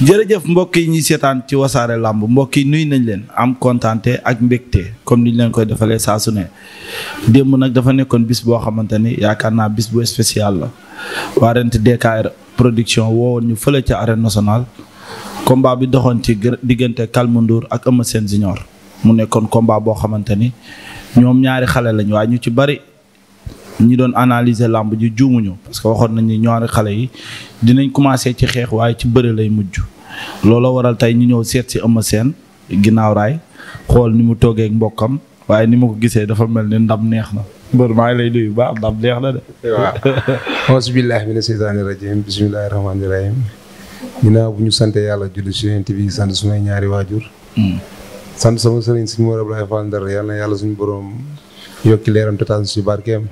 jërëjëf mbokk yi ñuy seetaan ci wasaare làmb mbokk yi nuyu nañ leen am kontaante ak mbégte comme ni leen koy defalee saa su ne démb nag dafa nekkoon bis boo xamante ni yaakaar naa bis bu spécial la waa rent DKR production woowoon ñu fële ca arène nationale combat bi doxoon ci diggante Kalmundur ak Eumeu Sène Junior mu nekkoon combat boo xamante ni ñoom ñaari xale lañ waaye ñu ci bari ñi doon analyser làmb ji juumuñu parce que waxoon nañu ñaari xale yi dinañ commencé ci xeex waaye ci bëre lay mujj looloo waral tey ñu ñëw seet si Eumeu seen ginnaaw raay xool ni mu toogee mbokkam waaye ni ma ko gisee dafa mel ni ndam neex na mbër maa ngi lay nuyu baax ndam neex na de waaw asbillahi mina seytaani rajim bismillahi rahmaani rahim ginnaaw bu ñu sante yàlla julli si yonent bi sant sumay ñaari waajur hmm. sant sama sëriñ suñu Mor Abdoulaye Fall Ndar yàlla na yàlla suñu borom yokki leeram te taas si barkeem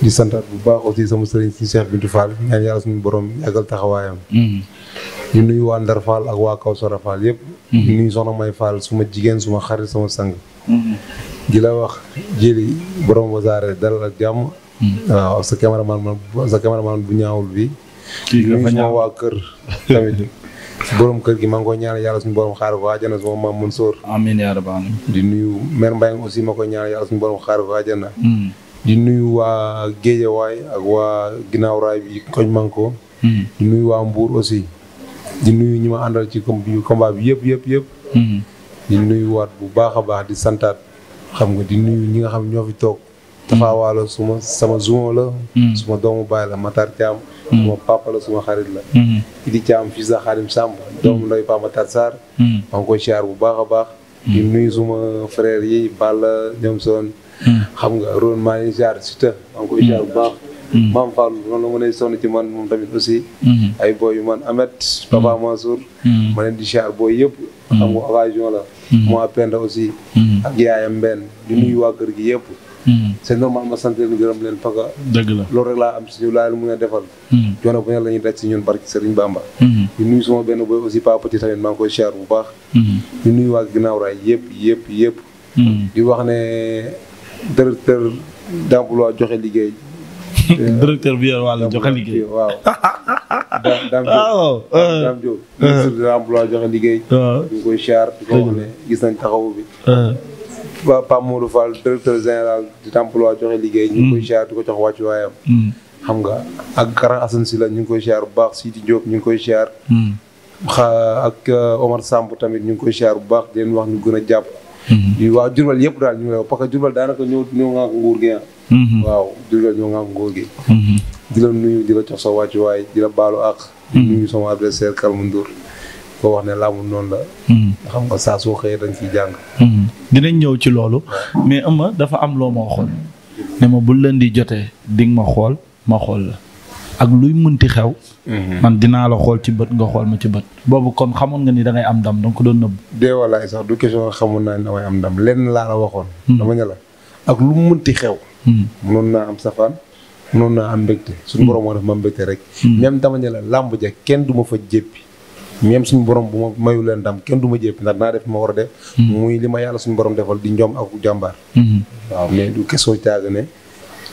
di santaat bu baax aussi sama sëriñ si Cheikh Bintou Fall ñaan yàlla suñu borom yàggal taxawaayam. Mm-hmm. di nuyu waa Ndar Fall ak waa Kawsara Fall yëpp. Mm-hmm. di nuyu soxna May Fall suma jigéen suma xarit sama sang. Mm-hmm. di sa cameraman sa cameraman bu ñaawul bi kii nga fa ñaaw waa kër tamit. gi maa ngi koy ñaanal yàlla suñu nuyu mère Mbaye aussi ma koy ñaanal yàlla suñu borom xaar ko àjjana. di nuyu waa Géejawaay ak waa ginnaaw raay bi koñ manko hmm. di nuyu waa Mbour aussi. di nuyu ñi ma àndal ci combat bi yëpp yëpp yëpp. Hmm. di nuyu waat bu baax a baax di santaat xam nga di nuyu ñi nga xam ñoo fi toog. Hmm. taxawaalo suma sama zuma la. suma doomu baay la Matar Thiam. suma papa suma xarit la. Idi Thiam fils la Xaadim Samb doomu ndoy Paa Matar Sarr. maa ngi koy siyaar bu baax a baax. di nuyu suma frère yi Balla ñoom son xam nga ron maa ngi jaar Siteu maa ngi koy jaar bu mm. Mm. ci man moom tamit aussi mm-hmm. ay booy yu man Amet Papa mm-hmm. Mansour mm-hmm. ma leen di jaar booy yëpp xam nga occasion la moo Penda aussi ak yaayam mbenn di nuyu waa kër gi yëpp c'est normal ma sant leen gërëm leen parce que dëgg la loolu si ñu laa leen mën a la ñuy daj si ñun barki Serigne Bamba di nuyu suma benn booy aussi Papa Petit bu baax di nuyu waa ginnaaw raay yëpp yëpp yëpp di wax ne directeur d'emploi joxe liggéey. directeur bi yor wàllu joxe liggéey ah, waaw. Dame Diop ah. Dame Diop. ministre de joxe liggéey. Ah. ñu koy siyaar ko wax ne gis nañ taxawu bi. Pa Pape Modou Fall directeur général de l'emploi joxe liggéey. ñu ngi koy siyaar mm. di ko jox wàccuwaayam. Mm. xam nga ak Karan Assane ñu ngi koy siyaar bu baax Sidi Diop ñu ngi koy siyaar. Mm. xa ak euh, Omar Samb tamit ñu ngi koy siyaar bu baax di wax ñu gën a jàpp. yu mm-hmm. waaw Jurbel yëpp daal ñu lay wax parce que Jurbel daanaka ñoo ñoo ŋànk nguur gi ah mm-hmm. waaw Jurbel ñoo ŋànk nguur gi mm-hmm. di la nuyu di la jox sa wàccuwaay di la baalu àq ne laamu noonu la xam nga saa soo xëyee dañ ciy jàng dinañ ñëw ci loolu mais ama dafa am loo ma waxoon ne ma bu leen di jotee di ma xool ma xool la ak luy mënti xew. Mhm. man dinaa la xool ci bët nga xool ma ci bët. boobu kon xamoon nga ni da am ndam donc doon nëbb. dee walaay sax du question xamoon naa ne damay am ndam lenn laa la waxoon. Hmm. dama ne la ak lu mu mënti xew. mënoon hmm. naa am safaan noonu naa am mbégte suñu hmm. borom moo def ma mbégte rek. même dama ne la làmb ja kenn du ma fa jéppi. même suñu borom bu ma mayul leen ndam kenn du ma jéppi ndax naa def ma war a def. muy li ma yàlla suñu borom defal di ñoom ak jàmbaar.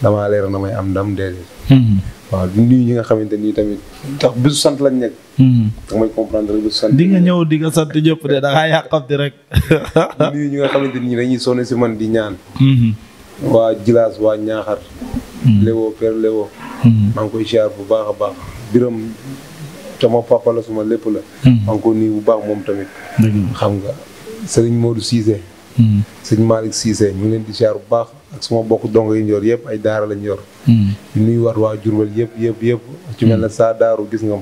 damaa leer na may am ndam déedéet. Hmm. waaw du nuyu ñi nga xamante ni tamit tax bisu sant lañ nekk. da hmm. may comprendre rek bisu sant. di nga ñëw di nga sant ñëpp de da ngaa yàqamti rek. du nuyu ñi nga xamante ni dañuy sonn si man di ñaan. Hmm. waa Jilaas waa Ñaaxar. Léwo Père Léwo. maa ngi koy ziar bu baax a baax biram sama papa la suma lépp la. maa ngi ko nuyu bu baax moom tamit. xam nga Serigne Modou Cissé. Serigne Malick Cissé ñu ngi leen di ziar bu baax. ak suma bokk dongo yi ñu yor yëpp ay daara lañ yor. Hmm. di war waa Jurbel yëpp yëpp yëpp. ci mel ne hmm. saa daaru gis nga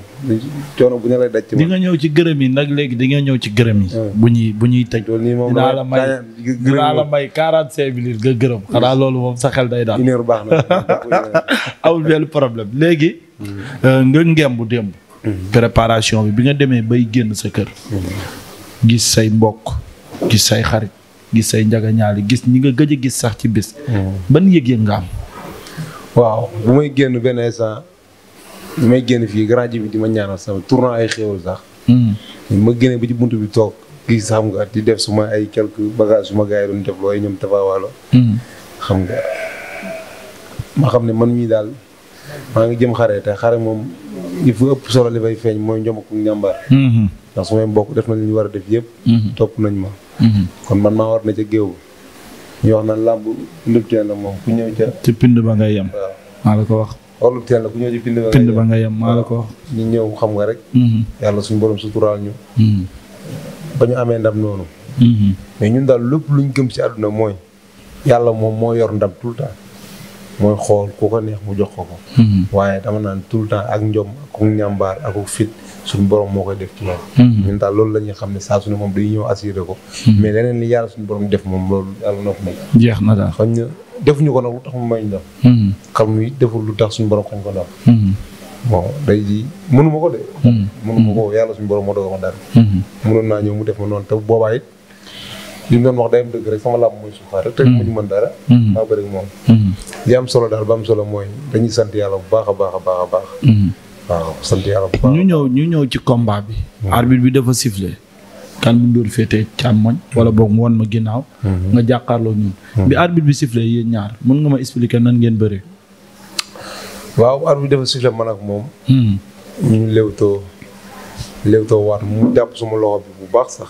coono bu ne lay daj. ci di ñëw ci gërëm yi nag léegi di nga ñëw ci gërëm yi. Hmm. bu ñuy bu ñuy loolu nii moom dinaa la may dinaa la may 45 minutes nga gërëm xanaa loolu moom sa xel day daal. une heure baax na amul benn problème léegi. Euh, nga ngemb démb. préparation bi bi nga demee bay génn sa kër. gis say mbokk gis say xarit. gis say njagañaali gis ñi nga gëj a gis sax ci bis. Hmm. ban yëg-yëg nga am. waaw bu may génn benn instant bi may génn fii grand ji bi di ma ñaanal sama tournant ay xéwal sax. Hmm. ma génne ba ci bunt bi toog gis xam nga di def suma ay quelques bagages suma gars yi doon def looy ñoom tafawaalo hmm. xam nga ma xam ne man mii daal maa ngi jëm xare te xare moom il faut ëpp solo li fay feeñ mooy njom ak ndax su may mbokk def na war a def yëpp. topp nañ ma. Mhm. kon man maa war na ca géew ñu wax naan làmb lub teen la moom ku ñëw ca ci pind ba ngay yem maa la ko wax or lub la ku ñëw ci pind ba pind ba ngay yem maa la ko wax ñu ñëw xam nga rek mhm. yàlla suñu borom suturaal ñu mhm. ba ñu amee ndam noonu mais ñun daal lépp luñ gëm ci àdduna mooy yàlla moom moo yor ndam tout le temps mooy xool ku ko neex mu jox ko ko waaye dama naan tout le temps ak njom ak ñàmbaar ak fit suñu borom moo koy def ci moom. Hmm. ñun daal loolu la ñuy xam ne saa su ne moom dañuy ñëw assuré ko. Hmm. mais leneen li yàlla suñu borom def moom loolu yàlla na ko may. jeex na daal xañ na defuñu ko nag lu tax mu may ñu doon. Hmm. xam ni deful lu tax suñu borom xañ ko doon. bon day ji mënuma ko de. mënuma ko dara. maa bëri moom. li am solo daal ba am solo mooy dañuy sant yàlla bu a baax a baax a baax. waaw sant yàlla bu baax ñu ñëw ñu ñëw ci combat bi. Mm-hmm. arbitre bi dafa sifflé. kan bu ndóor féetee càmmoñ. wala boog mu woon ma ginnaaw. Mm-hmm. nga jàkkaarloo ñun. Mm-hmm. bi arbitre bi sifflé yi ñaar mën nga ma expliquer nan ngeen bëree. waaw arbitre bi dafa sifflé man ak moom. ñu ngi léwtoo waat mu jàpp suma loxo bi bu baax sax.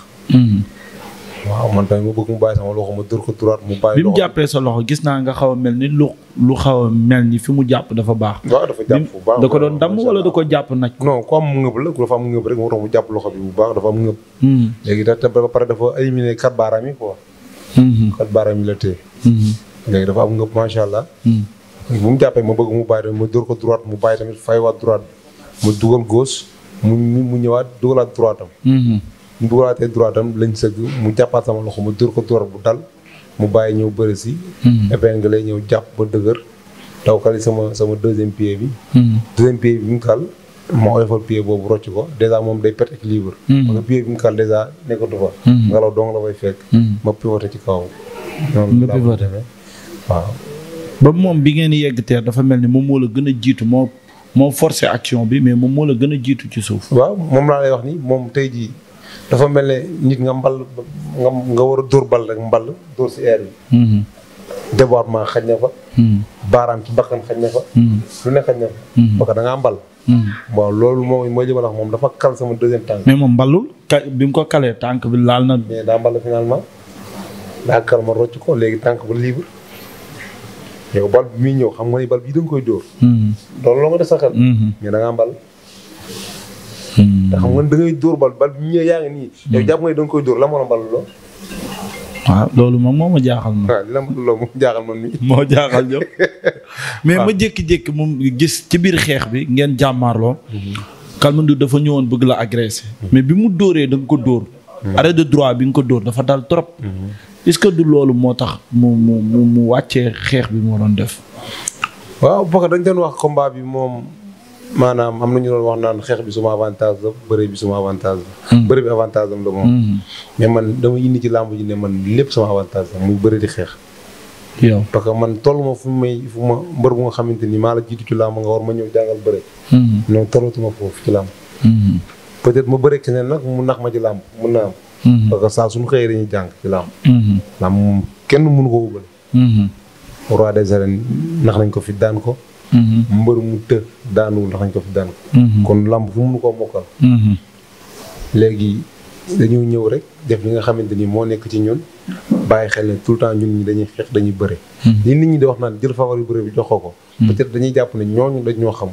waaw man tamit ma bëgg mu bàyyi sama loxo ma dër ko turaat mu bàyyi. gis naa nga xaw a mel lu xaw mel ni fi mu jàpp dafa baax. waaw dafa jàpp bu baax da ko doon damm wala da ko jàpp naj. non ku am ngëb la ku dafa am ngëb rek moo tax mu jàpp loxo bi bu baax dafa am ngëb. Hmm. ba pare dafa éliminé kat baaraam yi hmm. hmm. am ngëb macha allah. bu mu ma bëgg mu bàyyi tamit ma dër ko droite mu bàyyi tamit faywaat droite ma dugal gauche mu mu ñëwaat dugalaat droite am mu dugaatee droit am mu jàppaat sama loxo ma dóor ko door bu dal mu bàyyi ñëw bëri si. Hmm. épingle ñëw jàpp ba dëgër. daw kali sama sama deuxième pied bi. Hmm. bi mu kal ma oyofal pied boobu rocc ko dèjà moom day perte équilibre. Hmm. parce que pied bi mu kal dèjà nekkatu fa. ngelaw dong la fay fekk. ma pivoté ci kawam. nga pivoté waaw. moom bi ngeen yegg dafa mel ni moom moo la gën a jiitu moo moo forcé action bi mais moom moo la gën a jiitu ci suuf. waaw moom laa lay wax ni moom tey jii. dafa mel ne nit nga mbal nga nga war a dóor bal rek mbal dóor si air bi. Mhm. débordement xaj na fa. Mhm. baaraam ci bakkan xaj na fa. Mhm. lu ne xaj na fa. parce que da ngaa mbal. loolu moom moo li ma la wax moom dafa kal sama deuxième tànk. moom mbalul ka bi ko kalee tànk bi laal na. mais daa mbal finalement daa kal ma ko léegi tànk ba libre yow bal bi muy ñëw xam nga ni bal bi da koy dóor. loolu la nga def sa xel. mais da mbal. te hmm. xam nga da ngay dóor bal bal bi ñëwee yaa ngi nii. Hmm. yow jàpp nga da nga koy dóor la mën a ballo. waaw loolu moom moo ma jaaxal ma. la loolu moo jaaxal ma nii. moo jaaxal ñëpp. mais ma jékki-jékki moom gis ci biir xeex bi ngeen jàmmaarloo. Hmm. Kalmandu dafa ñëwoon bëgg la agressé. mais bi mu dóoree da ko dóor. arrêt de droit bi nga ko dóor dafa dal trop. est-ce que du loolu moo tax mu mu mu wàccee xeex bi moo doon def. waaw parce que doon wax combat bi moom. maanaam am na ñu doon wax naan xeex bi suma avantage la bëre bi suma avantage la. Hmm. bi avantage am la moom. Hmm. mais man dama indi ci làmb ji ne man lépp sama avantage la muy di xeex. yow parce que man toll ma fu may fu ma mbër bu nga xamante ni maa la jiitu ci làmb nga war ma ñëw jàngal bëre. Hmm. non tollatuma foofu ci làmb. peut-être ma bëre keneen nag mu nax ma ci làmb mun naa am. parce que saa suñu xëyee dañuy jàng ci làmb. làmb kenn mënu ko wóobale. roi de arènes nax nañ ko fi daan ko. Mm-hmm. mbër mu të daanuwul daxañ ko fi daan mm-hmm. kon lamb fu mënu koo mokkal mm-hmm. léegi dañoo ñëw rek def li nga xamante ni moo nekk ci ñun bàyyi xel ne tout le temps ñun ñi dañuy xeex dañuy bëre li nit ñi di wax naan jël favori bëre bi jox ko ko peut dañuy jàpp ne ñooñu dañ ñoo xam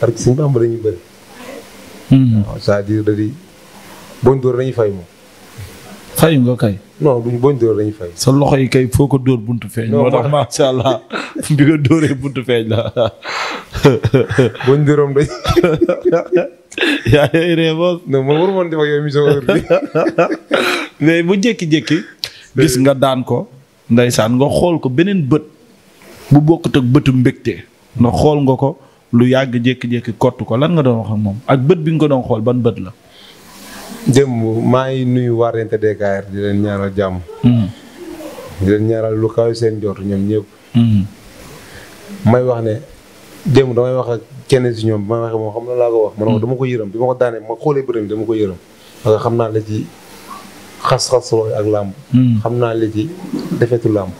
parce que suñu bamba dañuy bëre waaw c'est-à-dire da dañuy fay moom fayu nga kay. non duñ booñ dóor sa loxo yi kay foo ko dóor buntu feeñ. moo tax macha allah bi nga dóoree buntu feeñ la. booñ dóoram dañ. yaa ngi ree boos. mais bu jékki-jékki. gis nga daan ko. ndaysaan nga xool ko beneen bët. bu bokkut ak bëtu mbégte. ndax xool nga ko lu yàgg jékki-jékki kott ko lan nga doon wax moom ak bët bi nga ko doon xool ban bët la. démb maa ngi nuyu waa Rente DKR di leen ñaaral jàmm. Hmm. di leen ñaanal lu kaw seen jot ñoom ñëpp. Hmm. may wax ne démb damay wax ak kenn si ñoom bi may waxee moom xam na laa ko wax. ma ne ko dama ko yërëm bi ma ko daanee ma xoolee ko yërëm. xam naa la ak làmb. Hmm. xam naa la ci làmb.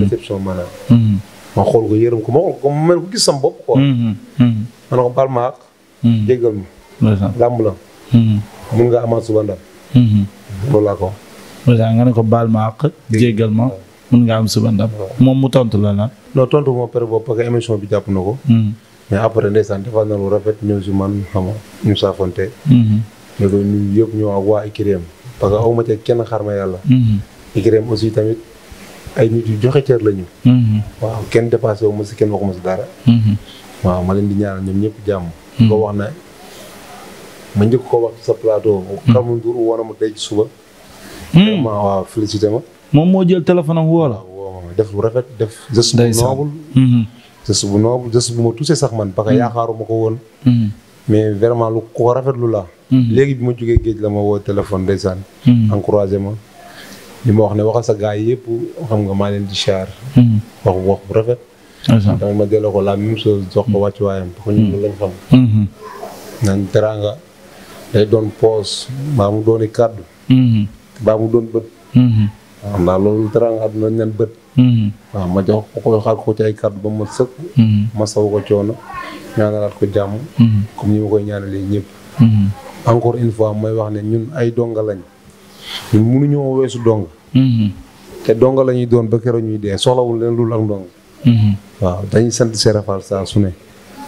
déception maanaam. ma xool ko yërëm ko ma xool ko ma ko gis sam bopp quoi. ma ne ko baal ma ma. làmb la. Mm-hmm. mun nga amaat suba mm-hmm. loolu laa ko wax. nga ne ko baal ma àq jéggal ma mun nga am suba ndam. moom mu tontu la la. non tontu moo pare boobu parce que émission bi jàpp na ko. Mm-hmm. mais après ndeysaan defal na lu rafet ñëw si man xam nga ñu saafonte. ñu doon nuyu yëpp ñëw ak waa Ikirem. parce que aw ma ca kenn xar ma yàlla. Ikirem aussi tamit ay nit yu joxe cër la waaw kenn dépassé si kenn waxuma si dara. waaw ma leen di ñaanal ñoom ñëpp jàmm. nga wax na ma njëkk ko wax sa plateau. Hmm. Kaamu Ndour woo na ma tey ci suba. Hmm. vraiment waaw félicité ma. moom moo jël téléphone woo la. woo def lu rafet def. geste bu hmm. noble. geste bu noble ma touché sax man. parce que yaakaaruma ko woon. mais vraiment lu ko rafetlu la léegi bi ma jugee géej la ma woo téléphone ndeysaan. encouragé ma. li ma wax ne waxal sa gars yëpp xam nga maa leen di char. wax wax bu rafet. dama ma delloo ko la même chose jox ko wàccuwaayam. parce que ñun day doon poos mbaa mu dooni kàddu mm-hmm. mbaa mu doon bët waaw mm-hmm. naa loolu dara nga àdduna ñan bët mm-hmm. waaw ma jox ko koy xaar ko ci ay kàddu ba ma sëkk ma saw ko coono ñaanalaat ko jàmm comme ñi ma koy ñaanalee ñëpp encore une may wax ne ñun ay donga lañ ñun mënuñoo weesu dong te donga la ñuy doon ba keroog ñuy dee soxlawul leen lu ak ndong waaw dañ sant Serapal saa su ne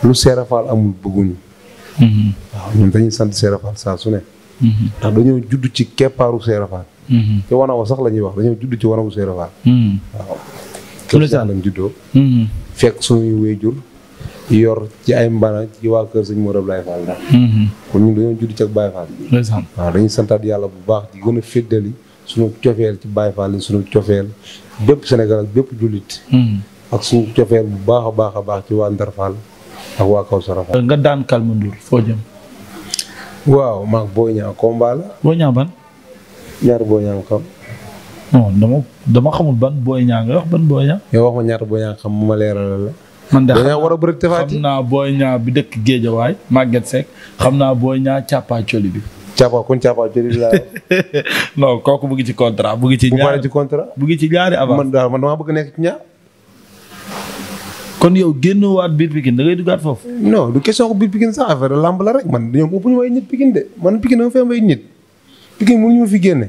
lu Serapal amul bëgguñu waaw ñun dañuy sant Seera Fall saa su ne. ndax dañoo judd ci keppaaru Seera Fall. te wanaw sax la ñuy wax dañoo judd ci wanawu Seera Fall. waaw. kër Saalum lañ mm-hmm. yor ci ay mbana ci waa kër sëñ Modou Abdoulaye Fall ndax. Mm-hmm. kon ñun dañoo judd ci ak Baye Fall. waaw dañuy santaat yàlla bu baax di gën a féddali suñu cofeel ci Baye Fall suñu cofeel bépp Sénégal ak bépp jullit. Mm-hmm. ak suñu cofeel bu baax a baax a baax ci waa Ndar ak waa kaw Saraxa nga daan Calme Ndour foo jëm. waaw maag Boy Niang combat la. Boy Niang ban. ñaar xamul ban Boy Niang nga wax ban Boy Niang. yow wax ma ñaar Boy Niang xam mu ma leeralal la. man de xam naa Boy Niang bi dëkk Géejawaay Maguette Seck xam naa Boy ñaar càppaa coli bi. càppaa kon càppaa coli bi laa. non kooku mu ngi ci contrat mu ngi ci. ñaari bu ngi ci ñaari avant man damaa bëgg nekk ci ñaar. kon yow génn waat biir Pikine da ngay duggaat foofu. non du question ko biir Pikine sax affaire lamb la rek man ñoom ëpp ñu may nit Pikine de man Pikine ma fi génne.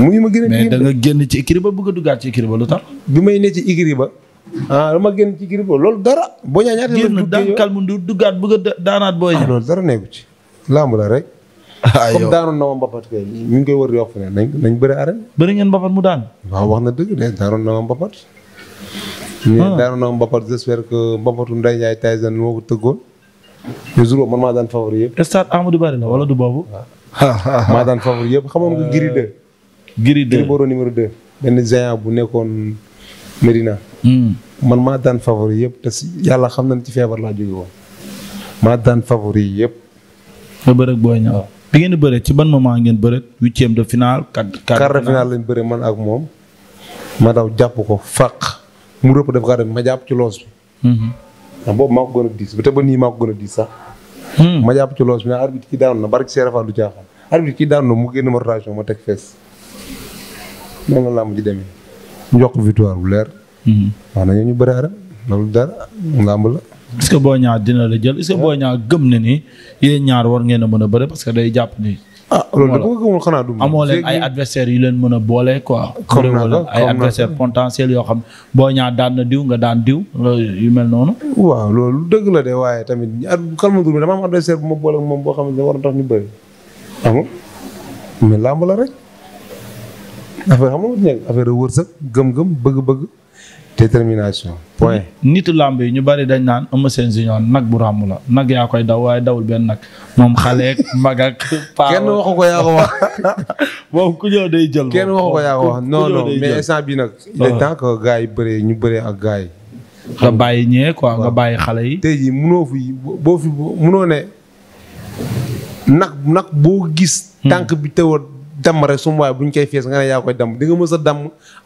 a nga génn ci écurie ba bugg duggaat ci écurie ba lu tax. bi may ne ci écurie ba. ah dama génn ci écurie loolu dara. boo ñaa ñaata yow génn kalmu du duggaat bëgg a daanaat booy ñëw. Ah, loolu dara nekku ci lamb la rek. ah comme daanoon na ma mbapat kay ñu ngi koy wër yokk ne nañ nañ bëri arène. bëri ngeen mbapat mu daan. waaw wax na dëgg de daanoon na ma mbapat mais ah. daanu na mbapat j'espère que mbapatu Ndeye Ndiaye Tyson moo ko tëggoon te jour boobu man maa daan favori yëpp. du boobu. maa daan favori yëpp xamoon nga Giri 2. Giri 2 Giri Boro numéro 2. benn géant bu nekkoon Medina. Hmm. man maa daan favori yëpp te yàlla xam nañ ci feebar laa jóge woon. maa daan favori yëpp. nga bëre ak Boy bi ngeen di ci ban moment ngeen bëre huitième de finale. quart de finale lañ bëre man ak moom. ma daw jàpp ko fàq. mu rëpp dafa kaa def ma jàpp ci loos bi. Mhm. ndax boobu maa ko gën a diis te ba nii maa sax. Mhm. ma jàpp ci loos bi nag arbitre ci daanu na barke Serapha du caaxaan arbitre ci daanu na mu génn ma rotation ma teg fees. noonu la làmb ji demee ñu jox ko victoire bu leer. Mhm. wax nañu ñu bëri aar loolu dara làmb la. est que boo ñaar dina la jël est-ce que boo ñaar gëm na ni yéen ñaar war ngeen a mën a bëre parce que day jàpp ni ah loolu da ko gëmul xanaa du amoo leen ay adversaires yu leen mën a boole quoi. comme na ay adversaires potentiels yoo xam boo ñaa daan na diw nga daan diw yu mel noonu. waaw loolu dëgg la de waaye tamit Calme Ndour mi dama am adversaire bu ma boole moom boo xam ne war na tax ñu bëri. xam nga mais làmb la rek affaire xam nga nekk affaire wërsëg gëm-gëm bëgg-bëgg. détermination point. nitu làmb yi ñu bari dañ naan Eumeu Sène junior nag bu ràmm la nag yaa koy daw waaye dawul benn nag moom xale ak paa wax. moom ku ñëw day jël. mais instant nag. il ah. est temps yi bëree ñu bëree ak gars yi. nga bàyyi ñee quoi nga bàyyi xale yi. tey munoo fi boo fi munoo ne nag nag boo gis. Hmm. tànk bi teewoon. damm rek su ma waaye bu ñu koy fees nga ne yaa koy damm di nga mës a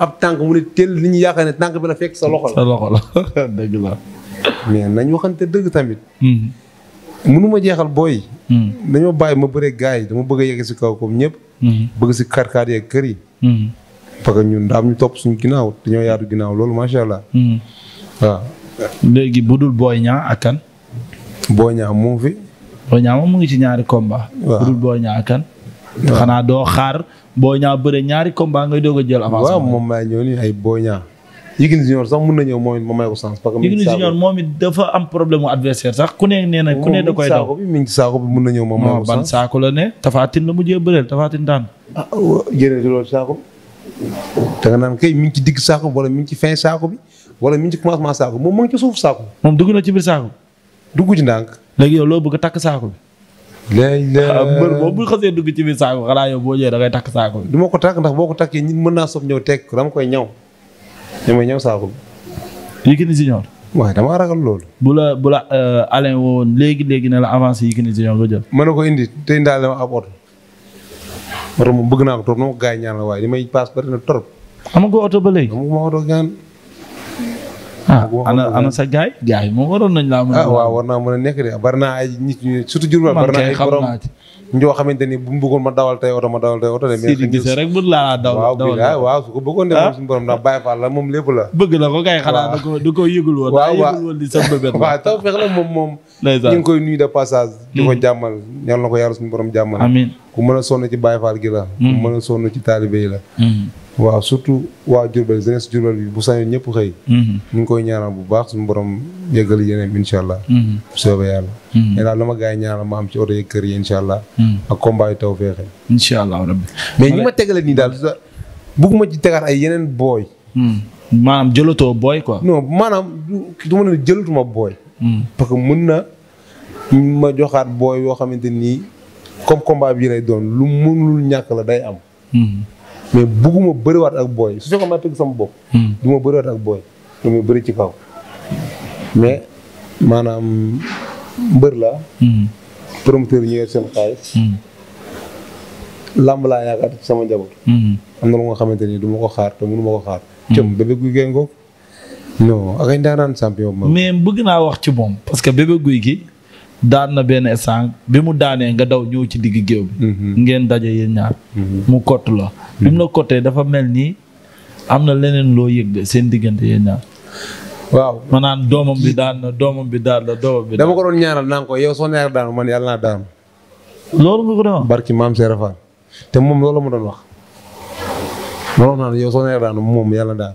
ab tànk mu ne teel li ñu yaakaar ne tànk bi la fekk sa loxo la. sa loxo la dëgg la. mais nañ waxante dëgg tamit. mënuma hmm. jeexal booy. Hmm. dañoo bàyyi ma bëree gars yi dama bëgg a si kaw koom ñëpp. Hmm. bëgg si kàr kàr yeeg kër yi. parce que ñun daam ñu topp suñu ginnaaw dañoo yaatu ginnaaw loolu macha allah. waaw. léegi budul booy ñaa ak kan. booy ñaa moo fi. booy ñaa moom mu ngi ci ñaari combat. waaw budul booy ñaa ak xanaa doo xaar boo ñaa bëre ñaari combat ngay doog a jël avance. waaw moom maa ñëw nii ay boo ñaa. Yékini Junior sax na ñëw moom it ma may moom it dafa am problème mu adversaire sax ku ne nee na ku ne da koy daw. mi ngi saako bi mun na ñëw moom may ko saako la ne. Tafaatine la mujjee bëreel Tafaatine daan. ah jërëjëf saako. da naan kay mi ngi ci digg saako wala mi ngi ci fin saako bi wala mi ngi saako moom mu ngi ci suuf saako. moom dugg na ci biir saako. dugg ci ndànk. léegi yow loo bëgg a takk saako bi Ah, mbër boobu bu xasee dugg ci biir saako xanaa yow boo ñëwee da takk saako bi. du ma ko takk ndax boo ko takkee nit mën naa sof ñëw teg dama koy ñaw saako bi. Yékini Junior. waaye damaa ragal loolu. bu la bu la euh, Alain woon léegi léegi ne la avance avancé Yékini Junior ba jël. mën na ko indi te indaale ma ab oto. oto moom bëgg naa ko trop na ma ko gars yi ñaan la waaye li may paas bari na trop. oto ba léegi ah ana ana sa gaay gaay moom waroon nañ laa mën a. Ah, waaw war naa mën a nekk de bari ay nit ñi surtout Diourbel bari naa ay borom bu mu bëggoon ma dawal tey oto ma dawal tey oto de. mais Sidi ah? la moom lépp la. bëgg na ko kay xanaa da ko da ko yëgul woon. waaw waaw yëgul woon di sa bébét. waaw taw fex la moom moom. ndeysaan ñu ngi koy nuyu de passage. di ko hmm. jàmmal ñal na ko yàlla suñu borom jàmmal. ku mën a sonn ci Baye Fall gi la. ku hmm. mën a sonn ci taalibe la. Hmm. waaw surtout waa Diourbel jeunesse Diourbel bi bu sañoon ñëpp xëy. mu mhm. ngi koy ñaanal bu baax suñu borom yeggal yeneen incha allah. Mhm. bu soobee yàlla. Mhm. mais daal dama gars yi ñaanal ma am ci oto yeeg kër yi incha allah. ak combat yu taw feexe. incha allah rabbi mais ñi ma tegale nii daal bugguma ci tegaat ay yeneen booy. Hmm. maanaam jëlatoo booy quoi. non maanaam du ma ne jëlatuma booy. Hmm. parce que mën na ma joxaat booy yoo xamante nii comme combat bi lay doon lu mënul ñàkk la day am. Hmm. mais bugguma bëriwaat ak booy su fekkoon maa tëgg sama bopp. Hmm. du ma bëriwaat ak booy damay bëri ci kaw. mais maanaam mbër la hmm. promoteur yi ñu yor seen xaalis. Hmm. làmb laa yaakaar sama njaboot. am na lu nga xamante ni du ma ko xaar te mënu ma ko xaar. cëm bébé guy gee ngoog. non ak ay ndaanaan champion mais bëgg naa wax ci moom parce que bébé guy gi. daan na benn instant bi mu daanee nga daw ñëw ci digg géew bi. Mhm. ngeen daje yéen ñaar. Mhm. mu kott la. bi mu la mhm. kottee dafa mel nii am na leneen loo yëg seen diggante yéen waaw maanaam doomam bi daan na doomam bi daan na bi. dama ko doon ñaanal naan ko yow soo ñaanal daan man yàlla naa daan. loolu nga ko doon wax. barki maam Serap Fall te moom loolu ma doon wax. ma doon wax naan yow soo ñaanal daan moom yàlla daan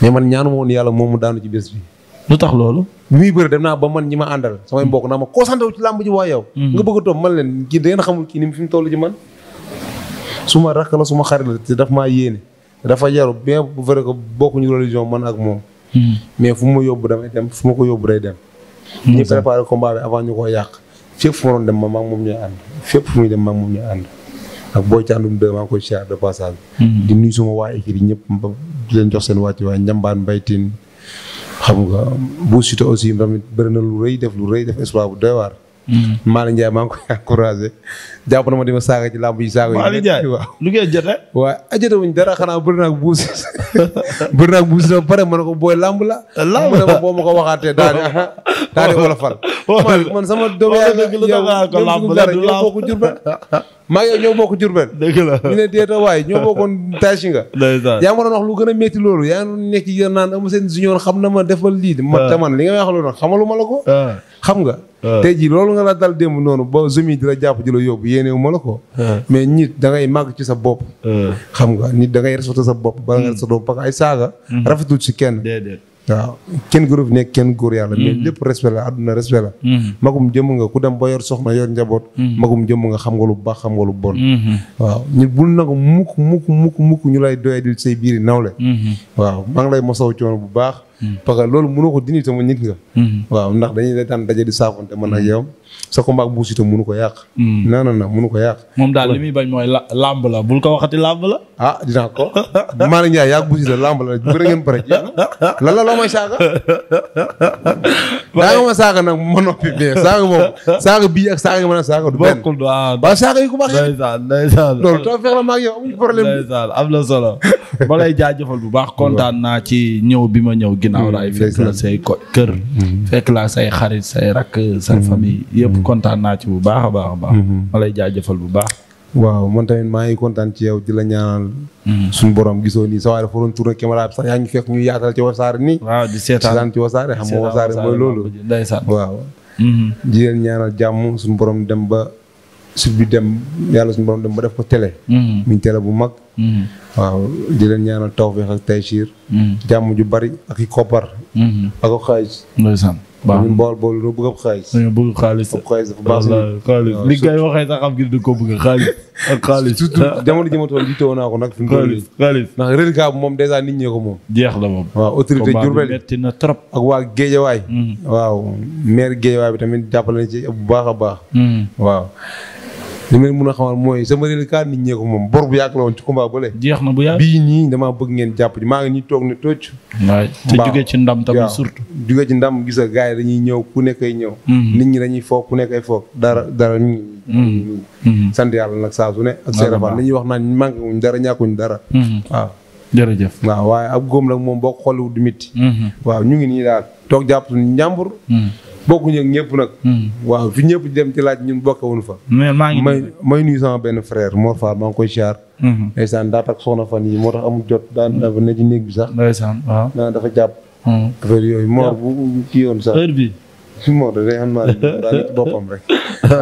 mais man ñaanu ma woon yàlla moom mu daanu ci bés bi. lu tax loolu. bi muy bëri dem naa ba man ñi ma àndal samay mbokk naa ma koo sant ci làmb ji yow. Mm-hmm. nga bëgg a toog man leen kii da ngeen xamul kii ni fi mu toll ci man. su ma rakk la su ma xarit la te daf maa yéene dafa yaru bien bu vrai que bokkuñu religion man ak moom. Mm-hmm. mais fu ma yóbbu damay dem fu ma ko yóbbu day dem. ñu préparé combat ñu koo yàq. fépp fu ma ma moom ñooy ànd fépp fu dem maa moom ak booy càndum de maa de passage. Mm-hmm. di nuyu suma waa équipe yi ñëpp leen jox seen wàcc waa Njambaan Mbaytin xam nga bu Siteu aussi tamit bëri na lu rëy def lu rëy def espoir bu doy waar. Mm-hmm. maa ngi koy encouragé jàpp na ma di ma saaga ci làmb yi saaga yi. Malick Ndiaye lu ngeen jote. waaw a ah, jote wuñ dara xanaa bëri naa buus bëri naa buus na pare ma ne ko booy làmb la. Ah, làmb la boo ma ko waxaatee daa di daa di wolofal. man sama doom yaa ngi ah, ko làmb la maa ngi ñoo bokk Diourbel. dëgg ñu ne Déeta waay ñoo bokkoon tâche nga. yaa ma doon wax lu gën a métti loolu yaa ngi nekk yéen naan Eumeu Sène junior xam na ma defal lii. ma taman ah. li nga wax loolu nag xamalu ma la ko. Ah. xam nga. Ah. tey jii loolu nga la dal démb noonu ba zemi di la jàpp di la yóbbu yéenewu ma la ko. mais nit da ngay màgg ci sa bopp. xam nga nit da ngay respecté sa bopp. ba nga respecté sa bopp parce que ay saaga. Mm-hmm. rafetul ci kenn. waaw kenn góor fi nekk kenn góor yàlla. mais mm-hmm. lépp respect la àdduna respect la. Mm-hmm. magum jëmm nga ku dem ba yor soxna yor njaboot. Mm-hmm. magum jëmm nga xam nga lu baax xam nga lu bon. waaw ñu bul nagu mukk mukk mukk mukk ñu lay doyadil say biir nawle. waaw maa lay mosaw coono bu baax. parce que loolu mënoo ko dindi tamit nit nga. Mm-hmm. waaw ndax dañuy lay daan daje di saafonte man ak mm-hmm. yow sa combat bu ko yàq. Mm-hmm. non non non ko yàq. moom daal li muy bañ mooy làmb la bul ko waxati làmb la. ah dinaa ko maanaam Ndiaye yaa bu Siteu làmb la bu la loo may saaga. waaye daa ma saaga nag ma noppi bien saaga boobu saaga bii ak saaga yi ma ne saaga du benn. bokkul ah, waaw saaga baax. ndeysaan ndeysaan bu baax kontaan naa ci ñëw bi ma ñëw ginnaaw mm, raay fekk la say ko kër mm. fekk laa say xarit say rakk sa mm. famille yëpp kontaan naa ci bu baax a baax a baax mm-hmm. ma lay jaajëfal bu baax waaw man tamit maa ngi kontaan ci yow di la ñaanal suñu borom gisoo nii sa waay dafa doon tourné caméra bi sax yaa ngi fekk ñu yaatal ci wasaare nii waaw di seetaan ci wasaare xam nga wasaare mooy loolu ndeysaan waaw mm-hmm. di ñaanal jàmm suñu borom dem ba suuf bi dem yàlla suñu borom dem ba def ko télé. Mm-hmm. muy télé bu mag. Mm-hmm. waaw di leen ñaanal tawfeex ak taysiir. Mm-hmm. jàmm ju bari ak i koppar. ak ak xaalis. ndeysaan baax na bool bool loo bëgg ab xaalis. dañoo bëgg xaalis ab xaalis dafa baax xaalis li ngay waxee sax xam ngir di ko bëgg xaalis ak xaalis. surtout ah. jamono na trop. ak waa Géejawaay. waaw maire Géejawaay bi tamit jàppale na ci bu baax a baax. waaw. li mun a xamal mooy sama reliquat nit ñee ko moom bor bu yàgg la woon ci combat bële. na bu yàgg bii nii damaa bëgg ngeen jàpp maa ngi nii toog ne tocc. waaw ci ndam tamit surtout. jugee ci ndam gis nga gars yi dañuy ñëw ku nekk ay ñëw. Mhm. nit ñi dañuy foog ku nekk ay foog dara dara ñu ngi. Mhm. Mhm. sant yàlla ak seen rafet li ñuy wax naan manqué wuñ dara ñàkkuñ dara. waaw. waaye ab góom nag moom boo xoolee du métti. waaw ñu ngi nii daal toog jàpp suñu njàmbur. bokkuñu ak ñëpp nag. Hmm. waaw fi ñëpp dem ci laaj ñun bokkewuñu fa. mais maa ngi may may nuyu sama benn frère moo Fall maa ngi koy siyaar. Hmm. ndeysaan daa tak soxna fan yi moo tax amul jot daan dafa hmm. ne ci néeg bi sax. ndeysaan waaw dafa jàpp. affaire yooyu Mor bu kii yoon sax si Maodo day rek. jërëjëf tawfeex la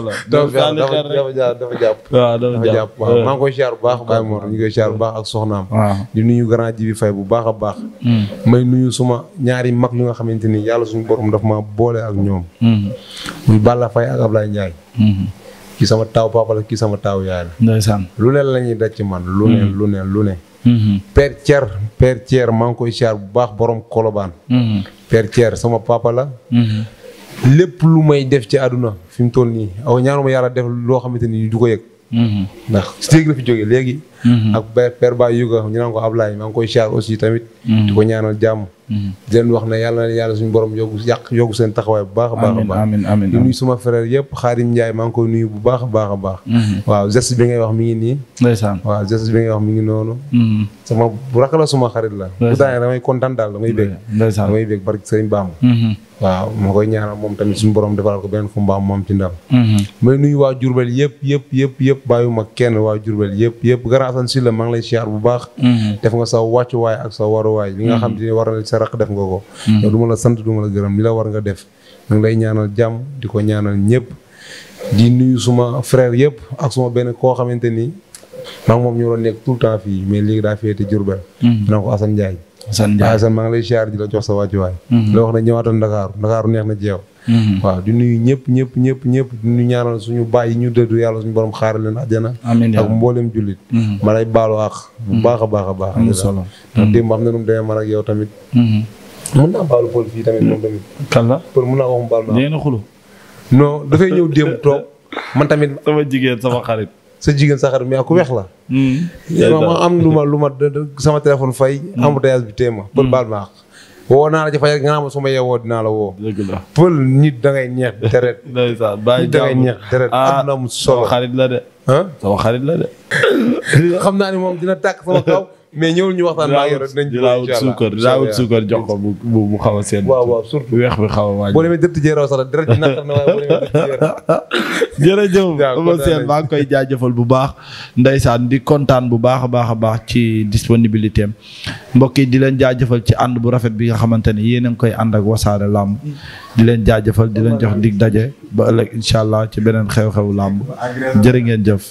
la. tawfeex la dafa jàpp jàpp. waaw dafa jàpp waaw maa ngi koy siyaar bu baax. Baye bu baax ak soxnaam. di nuyu grand ji bi fay bu baax a baax. Mm. may nuyu suma ñaari mag ñu nga xamante ni yàlla suñ borom daf ma boole ak ñoom. Mm. muy Balla Faye ak Ablaye Ndiaye. Mm. ki sama taaw papa kii sama taaw yaay la. lu ne la daj ci man. lu ne lu ne lu ne. Mm-hmm. Père Thier Père Thier maa ngi koy siyaar bu baax borom kolobaan mm-hmm. Père Thier sama papa la mm-hmm. lépp lu may def ci àdduna fi mu toll nii aw ñaanuma yàlla def loo xamante ni du ko yëg ndax séegi la fi jógee léegi ak Père Ba Yuga ñu naan ko Ablaye maa ngi koy siyaar aussi tamit di ko ñaanal jàmm Mm-hmm. di leen wax na yàlla na yàlla suñ borom yokku yàq yokku seen taxawaay bu baax a baax a baax amiin amiin di nuyu suma frère yëpp Xaadim Njaay maa ngi koy nuyu bu baax a baax a baax mm-hmm. waaw geste bi ngay wax mi ngi nii ndeysaan waaw geste bi ngay wax mi ngi noonu mm-hmm. sama bu rakk la suma xarit la bu daanee damay kontaan daal damay bég damay bég barke sëriñ Bamba waaw ma koy ñaanal moom tamit suñu borom defal ko beneen fu mbaam moom ci ndam. Mhm. may nuyu waa Diourbel yëpp yëpp yëpp yëpp ma kenn waa Diourbel yëpp yëpp grand Assane Sylla maa ngi lay siyaar bu baax. Mhm. def nga sa wàccuwaay ak sa waruwaay. li nga mhm. xam te ne war na sa raq def nga ko. du ma la sant du gërëm li la war nga def. maa ngi ñaanal jàmm di ko ñaanal ñëpp. di nuyu suma frère yëpp ak suma benn koo xamante ni maa moom ñu doon nekk tout temps fii mais léegi daa féete Diourbel. dina ko Assane Ndiaye Assane Ndiaye Assane la jox sa wàccuwaay mhm. la wax ne ñëwaatal Ndakaaru Ndakaaru neex na jeew mhm. waaw di nuyu ñëpp ñëpp ñëpp ñëpp di ñu ñaanal suñu bàyyi ñu dëddu yàlla suñu borom xaaral leen àjjana ak mboolem jullit mhm. ma lay baalu àq bu baax a baax a baax am solo ndax démb xam ne nu mu demee man ak yow tamit mën naa baalu Paul fii tamit moom tamit kan la Paul mën naa wax mu baalu naa xulu non dafay ñëw démb toog man tamit sama jigéen sama xarit sa jigéen saxar mi ak weex la. Hmm. ma am lu ma lu ma sama téléphone fay. Hmm. embouteillage bi ma pël hmm. baal ma àq. woo naa la ci fay nga xam ne su ma dinaa la woo. dëgg la pël nit da ngay ñeex deret. ndeysaan bàyyi da xarit la de. sama xarit la de. xam naa ni moom dina tàkk sama kaw. mais ñëwul ñu waxtaan maa ngi nañ dinaa wut suukar dinaa wut suukar jox ko bu bu xaw a seen waaw waaw weex bi xaw a wàññi boo demee dëtt jeeraw sax dara ji naqar na waaye boo maa ngi koy jaajëfal bu baax ndeysaan di kontaan bu baax a baax a baax ci disponibilité am mbokk yi di leen jaajëfal ci ànd bu rafet bi nga xamante ne yéen a ngi koy ànd ak wasaare làmb di leen jaajëfal di leen jox dig daje ba ëllëg incha allah ci beneen xew xew làmb jërë ngeen jëf